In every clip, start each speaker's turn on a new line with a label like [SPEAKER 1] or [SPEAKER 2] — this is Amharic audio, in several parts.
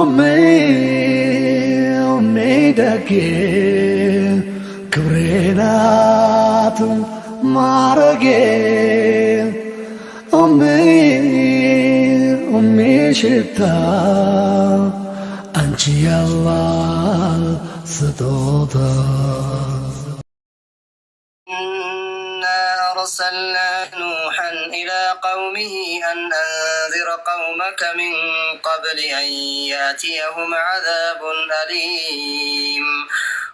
[SPEAKER 1] أمي أمي دكي كبرينات معرقي أمي أمي شتا أنت الله سطوطا
[SPEAKER 2] إنا أرسلنا نوحا إلى قومه أن وأنذر قومك من قبل أن يأتيهم عذاب أليم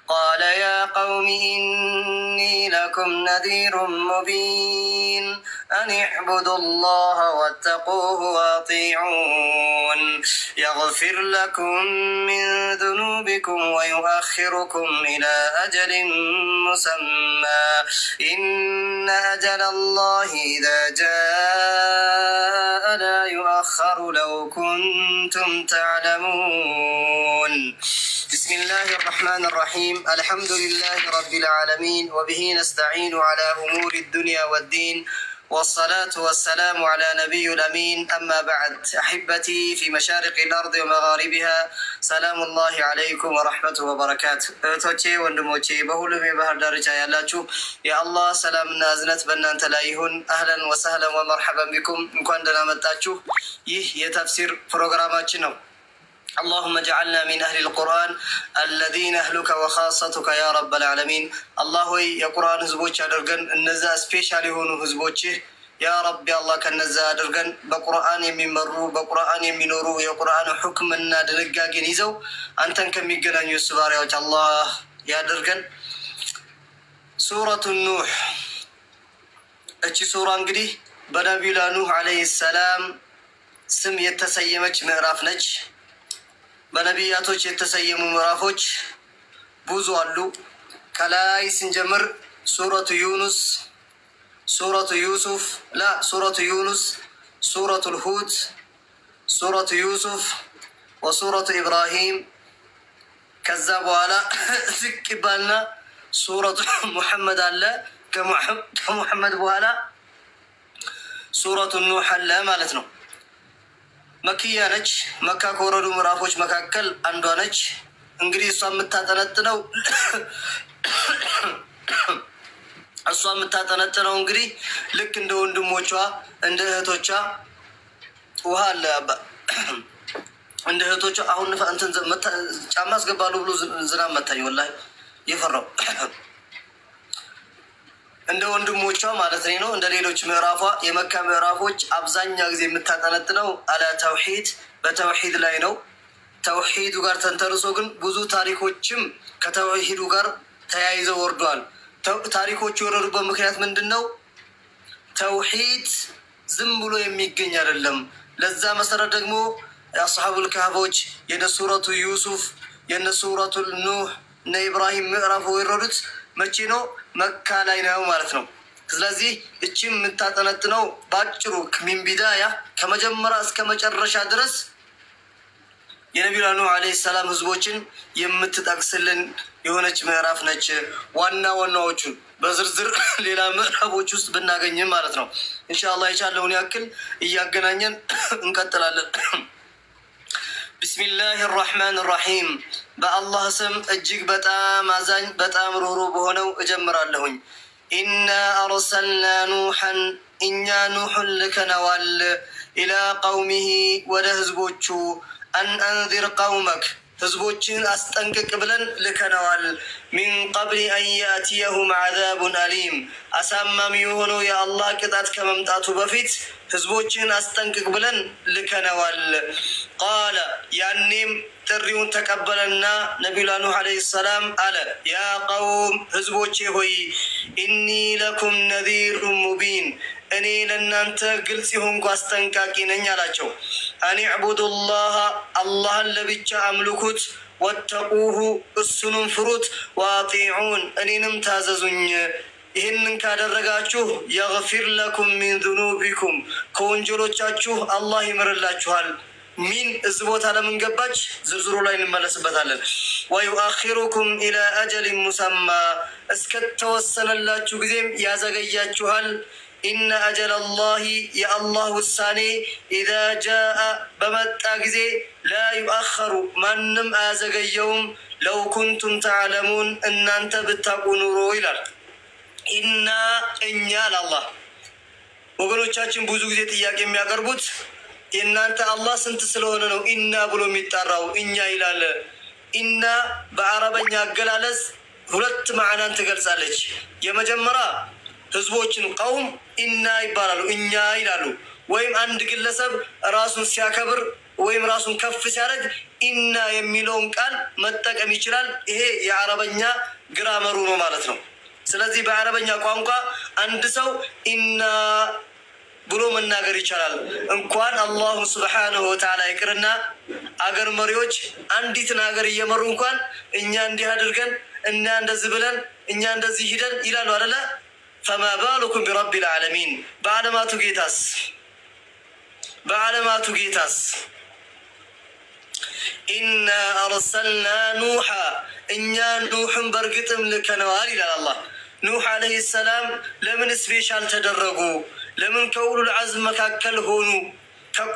[SPEAKER 2] قال يا قوم إني لكم نذير مبين أن اعبدوا الله واتقوه واطيعون يغفر لكم من ذنوبكم ويؤخركم إلى أجل مسمى إن أجل الله إذا جاء لا يؤخر لو كنتم تعلمون بسم الله الرحمن الرحيم الحمد لله رب العالمين وبه نستعين على أمور الدنيا والدين والصلاة والسلام على نبي الأمين أما بعد أحبتي في مشارق الأرض ومغاربها سلام الله عليكم ورحمة وبركاته እህቶቼ ወንድሞቼ በሁሉም የባህር ዳርቻ ያላችሁ የአላህ ሰላምና እዝነት በእናንተ ላይ ይሁን። አህለን ወሰህለን ወመርሐበን ቢኩም እንኳን ደህና መጣችሁ። ይህ የተፍሲር اللهم اجعلنا من أهل القرآن الذين أهلك وخاصتك يا رب العالمين الله የቁርአን ህዝቦች አድርገን እነዛ ስፔሻል የሆኑ ህዝቦችህ ያ ረቢ አላህ ከነዛ አድርገን በቁርአን የሚመሩ በቁርአን የሚኖሩ የቁርአን ሕክምና ድንጋጌን ይዘው አንተን ከሚገናኙ ስባሪያዎች አላህ ያደርገን። ሱረቱ ኑሕ እቺ ሱራ እንግዲህ በነቢዩላህ ኑህ ዓለይሂ ሰላም ስም የተሰየመች ምዕራፍ ነች። በነቢያቶች የተሰየሙ ምዕራፎች ብዙ አሉ። ከላይ ስንጀምር ሱረቱ ዩኑስ፣ ሱረቱ ዩሱፍ ላ ሱረቱ ዩኑስ፣ ሱረቱ ልሁድ፣ ሱረቱ ዩሱፍ ወሱረቱ ኢብራሂም። ከዛ በኋላ ዝቅ ይባልና ሱረቱ ሙሐመድ አለ። ከሙሐመድ በኋላ ሱረቱ ኑሕ አለ ማለት ነው። መክያ ነች። መካ ከወረዱ ምዕራፎች መካከል አንዷ ነች። እንግዲህ እሷ የምታጠነጥነው እሷ የምታጠነጥነው እንግዲህ ልክ እንደ ወንድሞቿ እንደ እህቶቿ ውሃ አለ እንደ እህቶቿ አሁን ጫማ አስገባሉ ብሎ ዝናብ መታኝ። ወላሂ የፈራው እንደ ወንድሞቿ ማለት ነው። እንደ ሌሎች ምዕራፏ የመካ ምዕራፎች አብዛኛው ጊዜ የምታጠነጥነው አለ ተውሂድ በተውሂድ ላይ ነው። ተውሂዱ ጋር ተንተርሶ ግን ብዙ ታሪኮችም ከተውሂዱ ጋር ተያይዘው ወርዷል። ታሪኮቹ የወረዱበት ምክንያት ምንድን ነው? ተውሂድ ዝም ብሎ የሚገኝ አይደለም። ለዛ መሰረት ደግሞ የአስሓቡል ካህፎች የነሱረቱ ዩሱፍ የነሱረቱ ኑህ እነ ኢብራሂም ምዕራፍ የወረዱት መቼ ነው? መካ ላይ ነው ማለት ነው። ስለዚህ እቺ የምታጠነጥነው በአጭሩ ሚን ከመጀመሪያ እስከ መጨረሻ ድረስ የነቢዩ ኑህ ዓለይሂ ሰላም ህዝቦችን የምትጠቅስልን የሆነች ምዕራፍ ነች። ዋና ዋናዎቹን በዝርዝር ሌላ ምዕራፎች ውስጥ ብናገኝም ማለት ነው እንሻላ የቻለውን ያክል እያገናኘን እንቀጥላለን። ብስሚላህ ራህማን ራሒም በአላህ ስም እጅግ በጣም አዛኝ በጣም ሩሩ በሆነው እጀምራለሁኝ። ኢና አርሰልና ኑሐን እኛ ኑሑን ልከነዋል ኢላ ቀውሚሂ ወደ ህዝቦቹ አን አንዚር ቀውመክ ህዝቦችን አስጠንቅቅ ብለን ልከነዋል። ሚን ቀብሊ አን ዓዛቡን አሊም አሳማሚ የሆነው የአላህ ቅጣት ከመምጣቱ በፊት ህዝቦችን አስጠንቅቅ ብለን ልከነዋል። ቃለ ያኔም ጥሪውን ተቀበለና ነቢዩላ ኑህ ዓለይሂ ሰላም አለ፣ ያ ቀውም ህዝቦቼ ሆይ ኢኒ ለኩም ነዚሩ ሙቢን እኔ ለእናንተ ግልጽ የሆንኩ አስጠንቃቂ ነኝ አላቸው። አኒዕቡዱ ላህ አላህን ለብቻ አምልኩት፣ ወተቁሁ እሱንም ፍሩት፣ ዋጢዑን እኔንም ታዘዙኝ ይህንን ካደረጋችሁ የግፊር ለኩም ሚን ዙኑቢኩም ከወንጀሎቻችሁ አላህ ይምርላችኋል። ሚን እዚ ቦታ ለምን ገባች? ዝርዝሩ ላይ እንመለስበታለን። ወዩአኪሩኩም ኢላ አጀሊን ሙሰማ እስከተወሰነላችሁ ጊዜም ያዘገያችኋል። ኢነ አጀል ላሂ የአላህ ውሳኔ ኢዛ ጃአ በመጣ ጊዜ ላ ዩአኸሩ ማንም አያዘገየውም። ለው ኩንቱም ተዓለሙን እናንተ ብታቁ ኑሮ ይላል። ኢና እኛ አላህ ወገኖቻችን ብዙ ጊዜ ጥያቄ የሚያቀርቡት የእናንተ አላህ ስንት ስለሆነ ነው ኢና ብሎ የሚጠራው? እኛ ይላል። ኢና በአረበኛ አገላለጽ ሁለት ማዕናን ትገልጻለች። የመጀመሪያ ህዝቦችን ቀውም ኢና ይባላሉ፣ እኛ ይላሉ። ወይም አንድ ግለሰብ ራሱን ሲያከብር ወይም ራሱን ከፍ ሲያደርግ ኢና የሚለውን ቃል መጠቀም ይችላል። ይሄ የአረበኛ ግራመሩ ነው ማለት ነው። ስለዚህ በአረበኛ ቋንቋ አንድ ሰው ኢና ብሎ መናገር ይቻላል። እንኳን አላሁ ስብሓንሁ ወተዓላ ይቅርና አገር መሪዎች አንዲትን ሀገር እየመሩ እንኳን እኛ እንዲህ አድርገን እና እንደዚህ ብለን እኛ እንደዚህ ሂደን ይላሉ አደለ? ፈማ ባሉኩም ቢረቢ ልዓለሚን በዓለማቱ ጌታስ በዓለማቱ ጌታስ ኢና አርሰልና ኑሓ እኛ ኑሕን በእርግጥም ልከነዋል ይላል አላህ። ኑሕ ዓለይሂ ሰላም ለምን ስፔሻል ተደረጉ? ለምን ከኡሉል አዝም መካከል ሆኑ?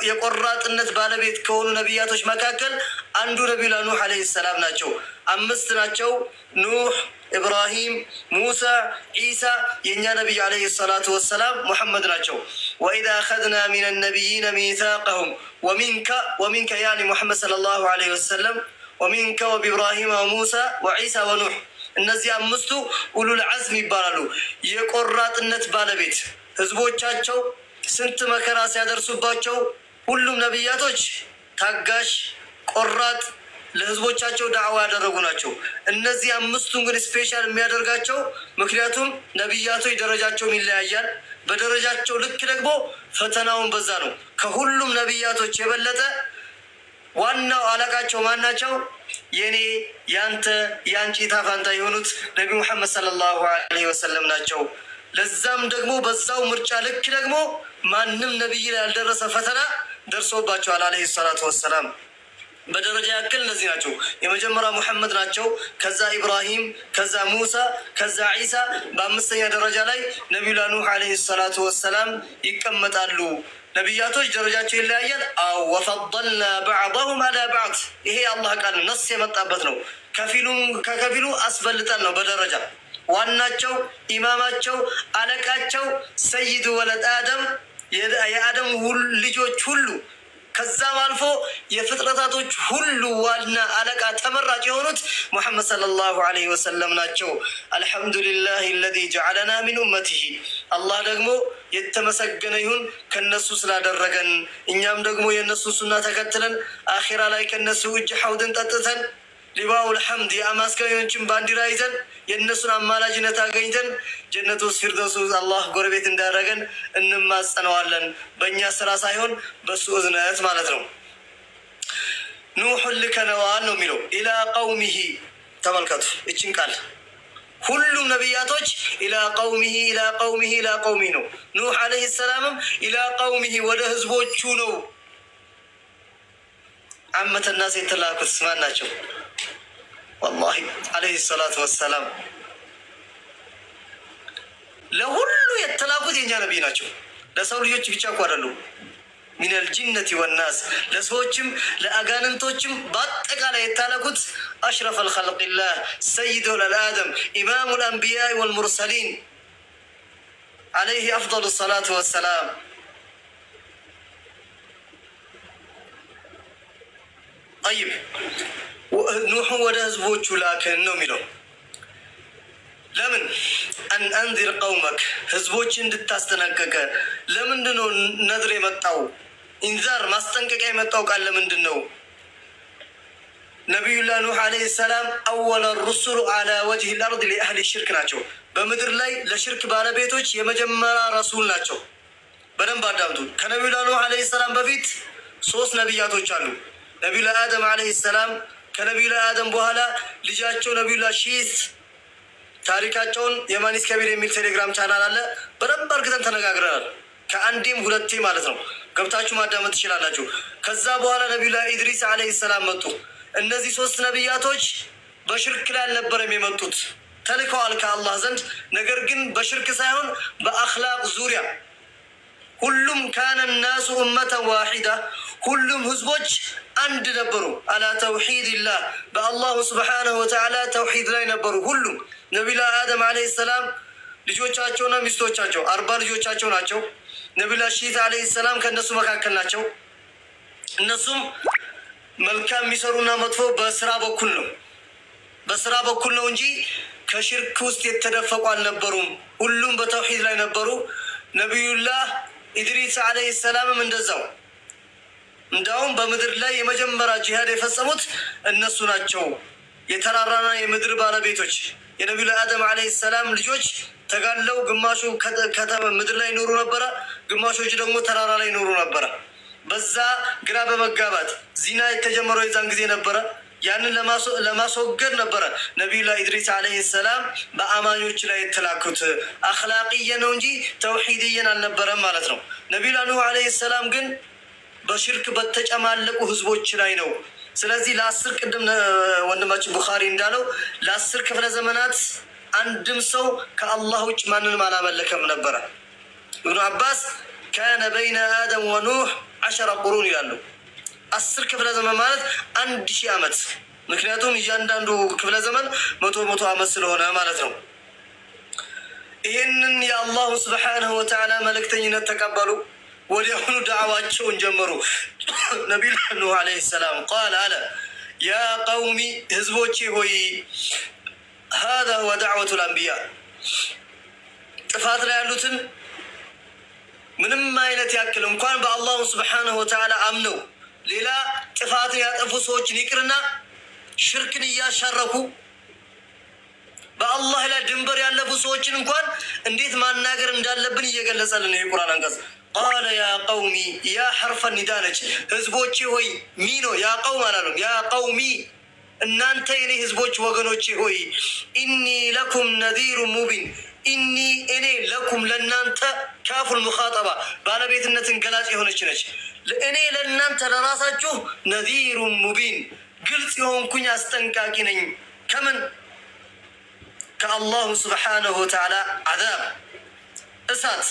[SPEAKER 2] የቆራጥነት ባለቤት ከሆኑ ነቢያቶች መካከል አንዱ ነቢዩላ ኑህ ዓለይሂ ሰላም ናቸው። አምስት ናቸው። ኑህ፣ ኢብራሂም፣ ሙሳ፣ ዒሳ የእኛ ነቢይ ዓለይሂ ሰላቱ ወሰላም ሙሐመድ ናቸው። ወኢዛ አኸዝና ሚነ ነቢይነ ሚሳቀሁም ወሚንከ ወሚንከ ያኒ ሙሐመድ ሰለላሁ ዓለይሂ ወሰለም ወሚንከ ወቢብራሂም ወሙሳ ወዒሳ ወኑህ እነዚህ አምስቱ ኡሉል አዝም ይባላሉ። የቆራጥነት ባለቤት ህዝቦቻቸው ስንት መከራ ሲያደርሱባቸው ሁሉም ነቢያቶች ታጋሽ፣ ቆራጥ ለህዝቦቻቸው ዳዕዋ ያደረጉ ናቸው። እነዚህ አምስቱን ግን ስፔሻል የሚያደርጋቸው ምክንያቱም ነቢያቶች ደረጃቸውም ይለያያል። በደረጃቸው ልክ ደግሞ ፈተናውን በዛ ነው። ከሁሉም ነቢያቶች የበለጠ ዋናው አለቃቸው ማናቸው? የኔ የአንተ የአንቺ ታፋንታ የሆኑት ነቢ ሙሐመድ ሰለላሁ አለይሂ ወሰለም ናቸው። ለዛም ደግሞ በዛው ምርጫ ልክ ደግሞ ማንም ነቢይ ላይ ያልደረሰ ፈተና ደርሶባቸዋል። አለይሂ ሰላቱ ወሰላም በደረጃ ያክል እነዚህ ናቸው። የመጀመሪያ ሙሐመድ ናቸው፣ ከዛ ኢብራሂም፣ ከዛ ሙሳ፣ ከዛ ዒሳ። በአምስተኛ ደረጃ ላይ ነቢዩላ ኑህ አለይሂ ሰላቱ ወሰላም ይቀመጣሉ። ነቢያቶች ደረጃቸው ይለያያል። አዎ ወፈደልና ባዕضሁም አላ ባዕድ። ይሄ የአላህ ቃል ነስ የመጣበት ነው። ከፊሉ ከከፊሉ አስበልጠን ነው በደረጃ ዋናቸው፣ ኢማማቸው፣ አለቃቸው ሰይዱ ወለድ አደም የአደም ልጆች ሁሉ ከዛም አልፎ የፍጥረታቶች ሁሉ ዋና አለቃ ተመራጭ የሆኑት ሙሐመድ ሰለላሁ ዐለይሂ ወሰለም ናቸው። አልሐምዱሊላህ ለዚ ጀዐለና ሚን ኡመቲሂ አላህ ደግሞ የተመሰገነ ይሁን ከነሱ ስላደረገን እኛም ደግሞ የእነሱን ሱና ተከትለን አኼራ ላይ ከነሱ እጅ ሐውድን ጠጥተን ሊባውል ሐምድ የአማስጋኞችን ባንዲራ ይዘን የእነሱን አማላጅነት አገኝተን ጀነት ውስጥ ፊርደውስ አላህ ጎረቤት እንዳደረገን እንማጸነዋለን። በእኛ ስራ ሳይሆን በሱ እዝነት ማለት ነው። ኑሕ ልከነዋን ነው የሚለው ኢላ ቀውሚሂ። ተመልከቱ እችን ቃል ሁሉም ነቢያቶች ኢላ ቀውሚሂ ኢላ ቀውሚሂ ኢላ ቀውሚ ነው። ኑሕ ዓለይሂ ሰላምም ኢላ ቀውሚሂ ወደ ህዝቦቹ ነው። አመተና ሴት ተላኩት ማን ናቸው? ወላሂ አለይሂ ሰላቱ ወሰላም ለሁሉ የተላኩት የኛ ነቢይ ናቸው። ለሰው ልጆች ብቻ እኮ አይደሉም። ሚነል ጂነት ወናስ ለሰዎችም ለአጋንንቶችም በአጠቃላይ የታለኩት አሽረፈል ኸልቂላህ ሰይዶ ለልአደም ኢማሙል አንቢያ ወልሙርሰሊን አለይህ አፍደሉ ሰላቱ ወሰላም ጠይብ ኑሑን ወደ ህዝቦቹ ላክን ነው የሚለው። ለምን አን አንዚር ቀውመክ ህዝቦች እንድታስጠነቀቀ። ለምንድን ነው ነድር የመጣው? ኢንዛር ማስጠንቀቂያ የመጣው ቃል ለምንድን ነው? ነቢዩላህ ኑህ ዓለይሂ ሰላም አወለ ሩሱሉ አላ ወጅህ ልአርድ ሊአህሊ ሽርክ ናቸው። በምድር ላይ ለሽርክ ባለቤቶች የመጀመሪያ ረሱል ናቸው። በደንብ አዳምጡ። ከነቢዩላህ ኑሕ ዓለይሂ ሰላም በፊት ሶስት ነቢያቶች አሉ። ነቢዩላህ አደም ዓለይሂ ሰላም ከነቢዩላ አደም በኋላ ልጃቸው ነቢዩላ ሺስ ታሪካቸውን የማኒስ ከቢር የሚል ቴሌግራም ቻናል አለ። በደንብ አርግተን ተነጋግረናል። ከአንዴም ሁለቴ ማለት ነው። ገብታችሁ ማዳመጥ ትችላላችሁ። ከዛ በኋላ ነቢዩላ ኢድሪስ አለይሂ ሰላም መጡ። እነዚህ ሶስት ነቢያቶች በሽርክ ላይ አልነበረም የመጡት ተልከዋል ከአላህ ዘንድ ነገር ግን በሽርክ ሳይሆን በአክላቅ ዙሪያ ሁሉም ካነ ናሱ እመተ ዋሒዳ ሁሉም ህዝቦች አንድ ነበሩ። አላ ተውሒድላህ በአላሁ ስብሓነሁ ወተዓላ ተውሒድ ላይ ነበሩ። ሁሉም ነቢላ አደም ዓለይሂ ሰላም ልጆቻቸውና ሚስቶቻቸው አርባ ልጆቻቸው ናቸው። ነቢላ ሺት ዓለይሂ ሰላም ከእነሱ መካከል ናቸው። እነሱም መልካም የሚሰሩና መጥፎ በስራ በኩል ነው በስራ በኩል ነው እንጂ ከሽርክ ውስጥ የተደፈቁ አልነበሩም። ሁሉም በተውሒድ ላይ ነበሩ። ነቢዩላህ ኢድሪስ አለይሂ ሰላምም እንደዛው። እንዳውም በምድር ላይ የመጀመሪያ ጂሃድ የፈጸሙት እነሱ ናቸው። የተራራና የምድር ባለቤቶች የነቢዩ ለአደም አለይሂ ሰላም ልጆች ተጋለው ግማሹ ምድር ላይ ይኖሩ ነበረ፣ ግማሾች ደግሞ ተራራ ላይ ይኖሩ ነበረ። በዛ ግራ በመጋባት ዚና የተጀመረው የዛን ጊዜ ነበረ። ያንን ለማስወገድ ነበረ ነቢዩላህ ኢድሪስ ዓለይሂ ሰላም በአማኞች ላይ የተላኩት። አክላቅየ ነው እንጂ ተውሒድየን አልነበረም ማለት ነው። ነቢዩላህ ኑህ ዓለይሂ ሰላም ግን በሽርክ በተጨማለቁ ህዝቦች ላይ ነው። ስለዚህ ለአስር ቅድም ወንድማችን ቡኻሪ እንዳለው ለአስር ክፍለ ዘመናት አንድም ሰው ከአላህ ውጭ ማንንም አላመለከም ነበረ። እብኑ አባስ ካነ በይነ አደም ወኑህ አሸረ ቁሩን ይላሉ። አስር ክፍለ ዘመን ማለት አንድ ሺህ ዓመት ምክንያቱም እያንዳንዱ ክፍለ ዘመን መቶ መቶ ዓመት ስለሆነ ማለት ነው። ይህንን የአላሁ ስብሓንሁ ወተዓላ መልእክተኝነት ተቀበሉ። ወዲያውኑ ዳዕዋቸውን ጀመሩ። ነቢዩ ኑህ ዓለይሂ ሰላም ቃል አለ ያ ቀውሚ ህዝቦቼ ሆይ ሀዛ ሁወ ዳዕወቱ ልአንቢያ ጥፋት ላይ ያሉትን ምንም አይነት ያክል እንኳን በአላሁ ስብሓንሁ ወተዓላ አምነው ሌላ ጥፋትን ያጠፉ ሰዎችን ይቅርና ሽርክን እያሻረኩ በአላህ ላይ ድንበር ያለፉ ሰዎችን እንኳን እንዴት ማናገር እንዳለብን እየገለጸልን ነው የቁርአን አንቀጽ። ቃለ ያ ቀውሚ ያ ሐርፈ ኒዳነች ነች። ህዝቦቼ ሆይ ሚ ነው ያ ቀውም አላለም። ያ ቀውሚ እናንተ የኔ ህዝቦች ወገኖቼ ሆይ ኢኒ ለኩም ነዚሩ ሙቢን ኢኒ እኔ ለኩም ለእናንተ ካፉል ሙኻጠባ ባለቤትነትን ገላጭ የሆነች ነች። እኔ ለእናንተ ለራሳችሁ ነዚሩን ሙቢን ግልጽ የሆንኩኝ አስጠንቃቂ ነኝ። ከምን ከአላሁ ስብሓነሁ ወተዓላ አዛብ፣ እሳት፣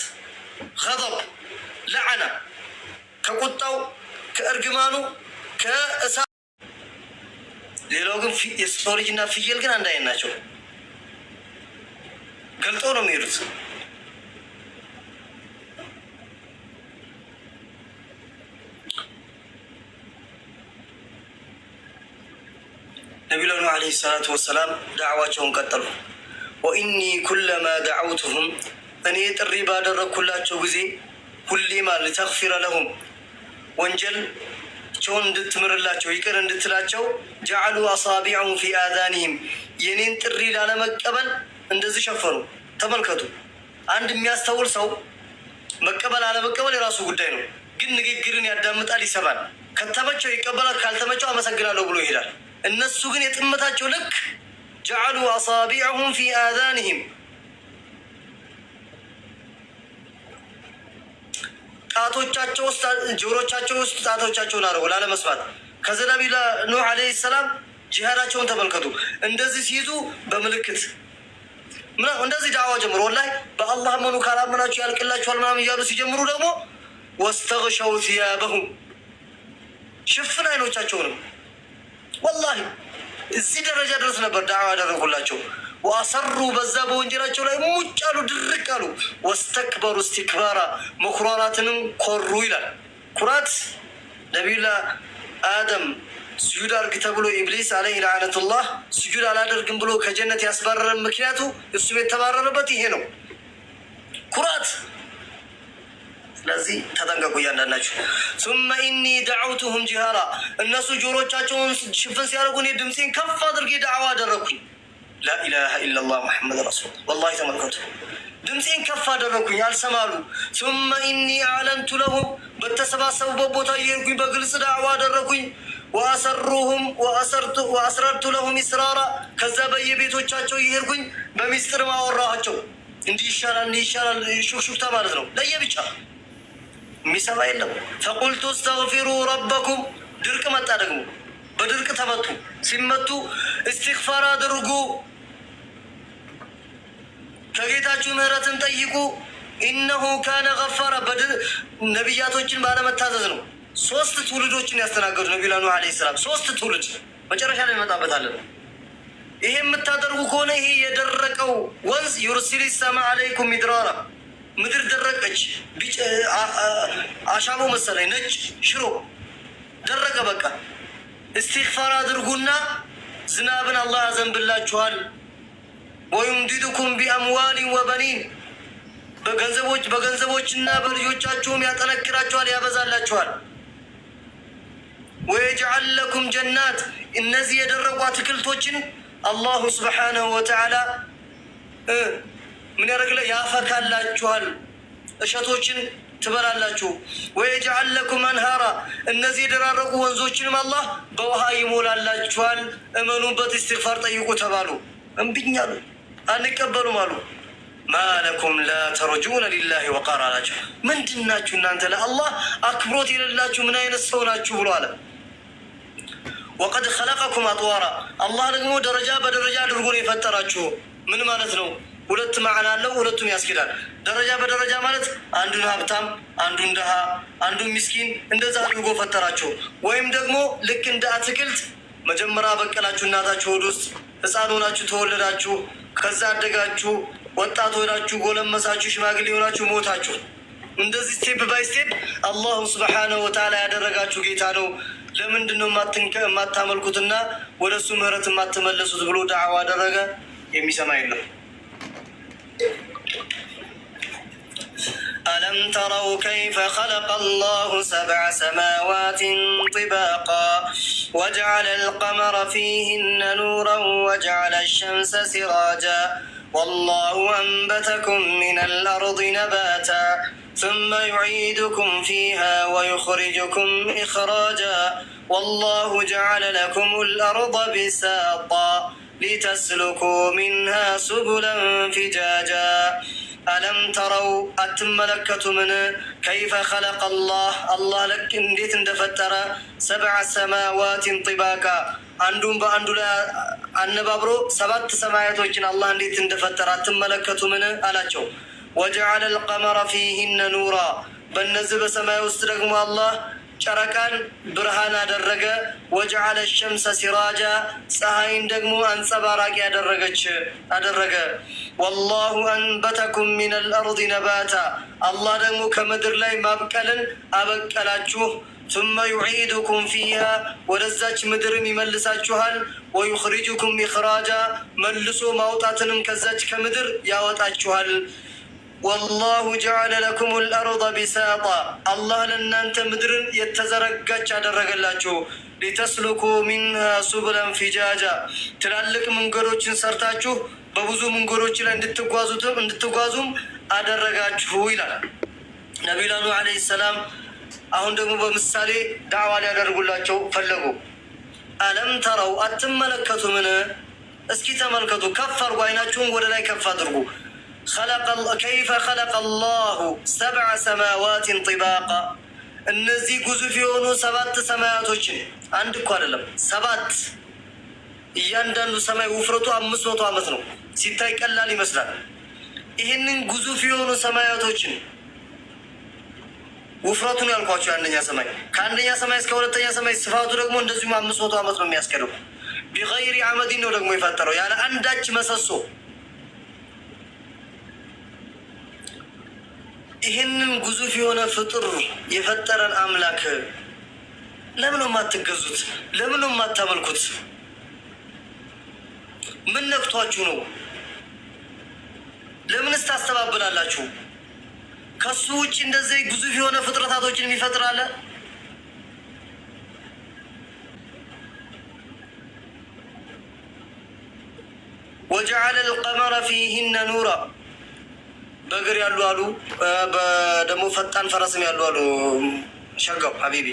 [SPEAKER 2] ገضብ፣ ለዓና ከቁጣው ከእርግማኑ ከእሳት። ሌላው ግን የሰው ልጅና ፍየል ግን አንድ አይነት ናቸው። ገልጠው ነው የሚሄዱት። ነቢላኑ ዓለይሂ ሰላቱ ወሰላም ዳዕዋቸውን ቀጠሉ። ወኢኒ ኩለማ ዳዓውትሁም እኔ ጥሪ ባደረግኩላቸው ጊዜ ሁሌማ ልተክፊረ ለሁም ወንጀላቸውን እንድትምርላቸው ይቅር እንድትላቸው ጀዓሉ አሳቢዐሁም ፊ አዛኒሂም የኔን ጥሪ ላለመቀበል እንደዚህ ሸፈኑ። ተመልከቱ፣ አንድ የሚያስተውል ሰው መቀበል አለመቀበል የራሱ ጉዳይ ነው። ግን ንግግርን ያዳምጣል፣ ይሰማል። ከተመቸው ይቀበላል፣ ካልተመቸው አመሰግናለሁ ብሎ ይሄዳል። እነሱ ግን የጥመታቸው ልክ ጀዓሉ አሳቢዐሁም ፊ አዛንህም ጣቶቻቸው ውስጥ ጆሮቻቸው ውስጥ ጣቶቻቸውን አድርጎ ላለመስማት። ከዛ ነቢዩ ኑህ ዓለይሂ ሰላም ጂሃዳቸውን ተመልከቱ። እንደዚህ ሲይዙ በምልክት እንደዚህ ዳዋ ጀምሮ ላይ በአላህ መኑ ካላመናችሁ ያልቅላችኋል ምናምን እያሉ ሲጀምሩ ደግሞ ወስተግሸው ሲያበሁም ሽፍን አይኖቻቸውንም ወላሂ እዚህ ደረጃ ድረስ ነበር ዳዕዋ ያደረጉላቸው። ወአሰሩ በዛ በወንጀላቸው ላይ ሙጭ አሉ፣ ድርቅ አሉ። ወስተክበሩ እስቲክባራ መኩራራትንም ኮሩ ይላል። ኩራት ነቢዩላ አደም ስጁድ አድርግ ተብሎ ኢብሊስ አለይህ ለዓነቱላህ ስጁድ አላደርግም ብሎ ከጀነት ያስባረረ ምክንያቱ እሱም የተባረረበት ይሄ ነው ኩራት ለዚህ ተጠንቀቁ እያንዳንዳችሁ። ሱመ ኢኒ ደዐውቱሁም ጅሃራ እነሱ ጆሮቻቸውን ሽፍን ሲያደርጉ እኔ ድምፄን ከፍ አድርጌ ዳዕዋ አደረግኩኝ። ላኢላሃ ኢለላህ ሙሐመድ ረሱል ወላሂ ተመልከቱ። ድምፄን ከፍ አደረግኩኝ፣ አልሰማሉ። ሱመ ኢኒ አዕለንቱ ለሁም በተሰባሰቡበት ቦታ እየሄድኩኝ በግልጽ ዳዕዋ አደረግኩኝ። ወአሰሩሁም ወአስረርቱ ለሁም ስራራ፣ ከዛ በየቤቶቻቸው እየሄድኩኝ በሚስጥር ማወራኋቸው እንዲህ ይሻላል እንዲህ ይሻላል ሹክሹክታ ማለት ነው ለየብቻ የሚሰማ የለም። ፈቁልቱ እስተግፊሩ ረበኩም ድርቅ መጣ። ደግሞ በድርቅ ተመቱ። ሲመቱ እስትግፋር አድርጉ፣ ከጌታችሁ ምህረትን ጠይቁ። ኢነሁ ካነ ገፋራ ነቢያቶችን ባለመታዘዝ ነው ሶስት ትውልዶችን ያስተናገዱ ነቢላ ኑህ ዓለይሂ ሰላም ሶስት ትውልድ መጨረሻ ላይ እንመጣበታለን። ይሄ የምታደርጉ ከሆነ ይሄ የደረቀው ወንዝ ዩርሲሊ ሰማ አለይኩም ሚድራራ ምድር ደረቀች። አሻሞ መሰለኝ ነጭ ሽሮ ደረቀ። በቃ እስትግፋር አድርጉና ዝናብን አላህ ያዘንብላችኋል። ወዩምዲድኩም ቢአምዋሊን ወበኒን በገንዘቦች በገንዘቦችና በልጆቻችሁም ያጠነክራችኋል፣ ያበዛላችኋል። ወየጅዓል ለኩም ጀናት እነዚህ የደረቁ አትክልቶችን አላሁ ስብሓነሁ ወተዓላ ምን ያደረግለ ያፈካላችኋል፣ እሸቶችን ትበላላችሁ። ወየጅዐል ለኩም አንሃራ እነዚህ የደራረቁ ወንዞችንም አላህ በውሃ ይሞላላችኋል። እመኑበት፣ እስትግፋር ጠይቁ ተባሉ። እምቢኝ አንቀበሉም አሉ። ማለኩም ላ ሊላሂ ወቃር አላቸው። ምንድን ናችሁ እናንተ ለአላህ አክብሮት የሌላችሁ ምን አይነት ሰው ናችሁ ብሎ አለ። ወቀድ ኸለቀኩም አጥዋራ አላህ ደግሞ ደረጃ በደረጃ አድርጎ ነው የፈጠራችሁ። ምን ማለት ነው? ሁለት ማዕና አለው። ሁለቱም ያስኬዳል። ደረጃ በደረጃ ማለት አንዱን ሀብታም፣ አንዱን ድሃ፣ አንዱን ሚስኪን እንደዛ አድርጎ ፈጠራቸው። ወይም ደግሞ ልክ እንደ አትክልት መጀመሪያ በቀላችሁ እናታችሁ ሆድ ውስጥ፣ ህፃን ሆናችሁ ተወለዳችሁ፣ ከዛ አደጋችሁ፣ ወጣት ሆናችሁ፣ ጎለመሳችሁ፣ ሽማግሌ ሆናችሁ፣ ሞታችሁ። እንደዚህ ስቴፕ ባይ ስቴፕ አላሁ ስብሓነሁ ወተዓላ ያደረጋችሁ ጌታ ነው። ለምንድን ነው የማታመልኩትና ወደ እሱ ምህረት የማትመለሱት ብሎ ዳዕዋ አደረገ። የሚሰማ የለም። ألم تروا كيف خلق الله سبع سماوات طباقا وجعل القمر فيهن نورا وجعل الشمس سراجا والله أنبتكم من الأرض نباتا ثم يعيدكم فيها ويخرجكم إخراجا والله جعل لكم الأرض بساطا ሊተስሉኩ ሚንሃ ሱቡለን ፊጃጃ አለም ተረው አትመለከቱምን? ከይፈ ኸለቀ አላህ አላህ ለክ እንዴት እንደፈጠረ ሰብዐ ሰማዋትን ጢባቃ አንዱን በአንዱ ላይ አነባብሮ ሰባት ሰማያቶችን አላህ እንዴት እንደፈጠረ አትመለከቱምን? አላቸው። ወጀዐለ አልቀመረ ፊሂነ ኑራ በነዚህ በሰማይ ውስጥ ደግሞ አላህ ጨረቃን ብርሃን አደረገ። ወጀዓለ ሸምሰ ሲራጃ ፀሐይን ደግሞ አንጸባራቂ ያደረገች አደረገ። ወላሁ አንበተኩም ሚነል አርድ ነባታ አላህ ደግሞ ከምድር ላይ ማብቀልን አበቀላችሁ። ቱመ ዩዒዱኩም فيها ወደዛች ምድርም ይመልሳችኋል። ወዩኽሪጁኩም ኢኽራጃ መልሶ ማውጣትንም ከዛች ከምድር ያወጣችኋል። ወላሁ ጀዓለ ለኩም ልአርض ቢሳጣ አላህ ለእናንተ ምድርን የተዘረጋች አደረገላችሁ። ሊተስሉኩ ሚንሃ ሱብለን ፊጃጃ ትላልቅ መንገዶችን ሰርታችሁ በብዙ መንገዶች ላይ እንድትጓዙም አደረጋችሁ ይላል ነቢዩ ኑህ ዓለይሂ ሰላም። አሁን ደግሞ በምሳሌ ዳዕዋ ሊያደርጉላቸው ፈለጉ። አለም ተረው አትመለከቱምን? እስኪ ተመልከቱ። ከፍ አድርጉ፣ አይናችሁን ወደ ላይ ከፍ አድርጉ ከይፈ ኸለቀ ላሁ ሰብዐ ሰማዋትን ጢባቃ እነዚህ ግዙፍ የሆኑ ሰባት ሰማያቶችን አንድ እኮ አይደለም ሰባት። እያንዳንዱ ሰማይ ውፍረቱ አምስት መቶ ዓመት ነው። ሲታይ ቀላል ይመስላል። ይህንን ግዙፍ የሆኑ ሰማያቶችን ውፍረቱን ያልኳቸው የአንደኛ ሰማይ ከአንደኛ ሰማይ እስከ ሁለተኛ ሰማይ ስፋቱ ደግሞ እንደዚሁም አምስት መቶ ዓመት ነው የሚያስገደው። ቢገይሪ አመዲን ነው ደግሞ የፈጠረው ያለ አንዳች መሰሶ ይህንን ግዙፍ የሆነ ፍጡር የፈጠረን አምላክ ለምን የማትገዙት? ለምን የማታመልኩት? ምን ነክቷችሁ ነው? ለምንስ ታስተባብላላችሁ? ከሱ ውጭ እንደዚህ ግዙፍ የሆነ ፍጥረታቶችን የሚፈጥር አለ? ወጀዐለ አልቀመረ ኑራ በእግር ያሉ አሉ፣ ደግሞ ፈጣን ፈረስም ያሉ አሉ። ሸጋው ሀቢቢ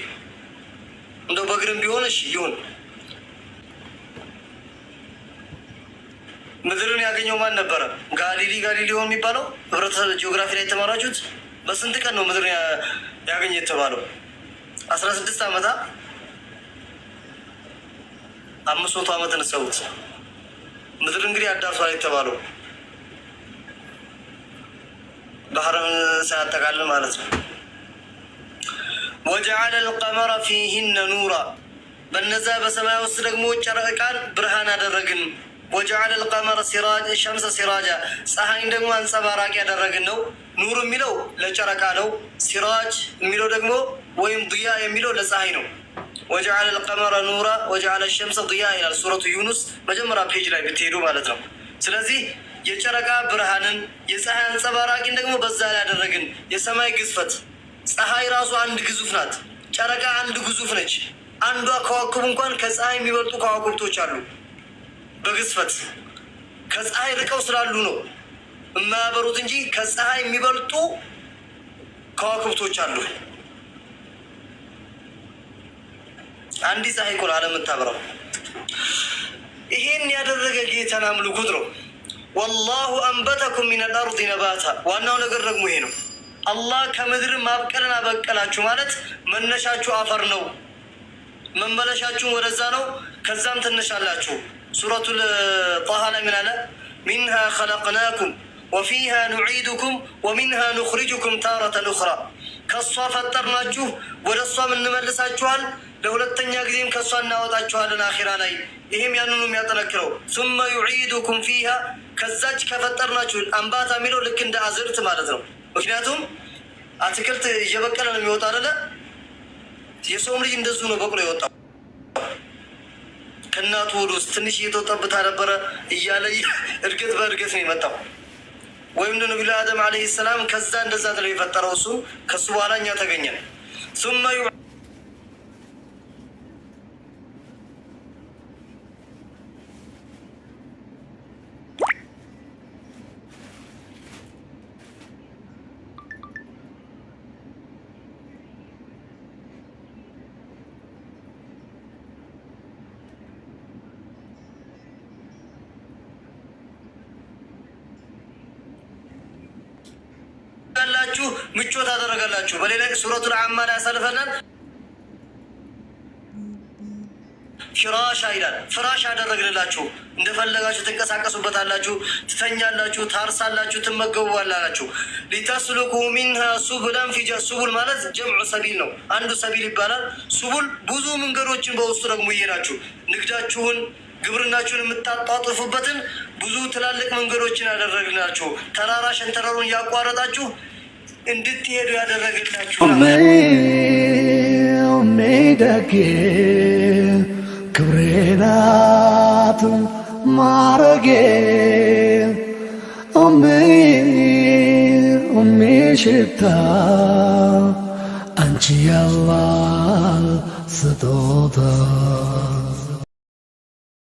[SPEAKER 2] እንደው በእግርም ቢሆን እሺ ይሁን። ምድርን ያገኘው ማን ነበረ? ጋሊሊ ጋሊሊዮ የሚባለው ህብረተሰብ ጂኦግራፊ ላይ የተማራችሁት በስንት ቀን ነው ምድርን ያገኘ የተባለው? አስራ ስድስት ዓመታ አምስት መቶ ዓመት ሰውት ምድር እንግዲህ አዳርሷል የተባለው ባህርን ሳያጠቃልል ማለት ነው። ወጀዓለ ልቀመረ ፊህነ ኑራ በነዛ በሰማይ ውስጥ ደግሞ ጨረቃን ብርሃን አደረግን። ወጀዓለ ልቀመረ ሸምሰ ሲራጃ ፀሐይን ደግሞ አንጸባራቂ ያደረግን ነው። ኑር የሚለው ለጨረቃ ነው። ሲራጅ የሚለው ደግሞ ወይም ድያ የሚለው ለፀሐይ ነው። ወጀዓለ ልቀመረ ኑራ ወጀዓለ ሸምሰ ድያ ይላል ሱረቱ ዩኑስ መጀመሪያ ፔጅ ላይ ብትሄዱ ማለት ነው። ስለዚህ የጨረቃ ብርሃንን የፀሐይ አንጸባራቂን ደግሞ በዛ ላይ ያደረግን የሰማይ ግዝፈት። ፀሐይ ራሱ አንድ ግዙፍ ናት። ጨረቃ አንድ ግዙፍ ነች። አንዷ ከዋክብ እንኳን ከፀሐይ የሚበልጡ ከዋክብቶች አሉ በግዝፈት ከፀሐይ ርቀው ስላሉ ነው የማያበሩት እንጂ ከፀሐይ የሚበልጡ ከዋክብቶች አሉ። አንዲት ፀሐይ እኮ ነው ይሄን ያደረገ ጌታን አምልኩት ነው። ወላሁ አንበተኩም ሚነል አርድ ነባታ። ዋናው ነገር ደግሞ ይሄ ነው። አላህ ከምድር ማብቀልን አበቀላችሁ ማለት መነሻችሁ አፈር ነው፣ መመለሻችሁን ወደዛ ነው። ከዛም ትነሻላችሁ። ሱረቱ ጣሃ ላይ ምን አለ? ሚንሃ ኸለቅናኩም ወፊሃ ኑዒዱኩም ወሚንሃ ኑኽሪጁኩም ታረተን ኡኽራ። ከእሷ ፈጠርናችሁ፣ ወደ እሷም እንመልሳችኋል፣ ለሁለተኛ ጊዜም ከእሷ እናወጣችኋለን አኺራ ላይ። ይህም ያንኑ የሚያጠነክረው ሱመ ዩዒዱኩም ፊሃ ከዛች ከፈጠርናችሁ አንባታ የሚለው ልክ እንደ አዝርት ማለት ነው። ምክንያቱም አትክልት እየበቀለ ነው የሚወጣ አደለ? የሰውም ልጅ እንደዙ ነው በቅሎ የወጣው ከእናቱ ሆድ ውስጥ ትንሽ እየተወጠብታ ነበረ እያለ እድገት በእድገት ነው የመጣው። ወይም ደ ቢላ አደም አለይሂ ሰላም ከዛ እንደዛ ተለው የፈጠረው እሱ ከሱ በኋላ እኛ ተገኘን ሱመ ጩኸት ታደረገላችሁ። በሌላ ሱረቱል አዕማ ላይ ያሳልፈናል። ፍራሻ ይላል። ፍራሽ አደረግንላችሁ እንደፈለጋችሁ ትንቀሳቀሱበታላችሁ፣ ትተኛላችሁ፣ ታርሳላችሁ፣ ትመገቡባላችሁ። ሊተስሉኩ ሚንሃ ሱብላን ፊጃ ሱቡል ማለት ጀምዑ ሰቢል ነው። አንዱ ሰቢል ይባላል። ሱቡል ብዙ መንገዶችን በውስጡ ደግሞ ይሄዳችሁ ንግዳችሁን ግብርናችሁን የምታጧጡፉበትን ብዙ ትላልቅ መንገዶችን ያደረግላችሁ ተራራ ሸንተረሩን እያቋረጣችሁ እንድትሄዱ ያደረገላችሁ
[SPEAKER 1] ደጌ ክብሬ ማረጌ ኦሜ ኦሜ ሽታ አንቺ ያላ ስጦታ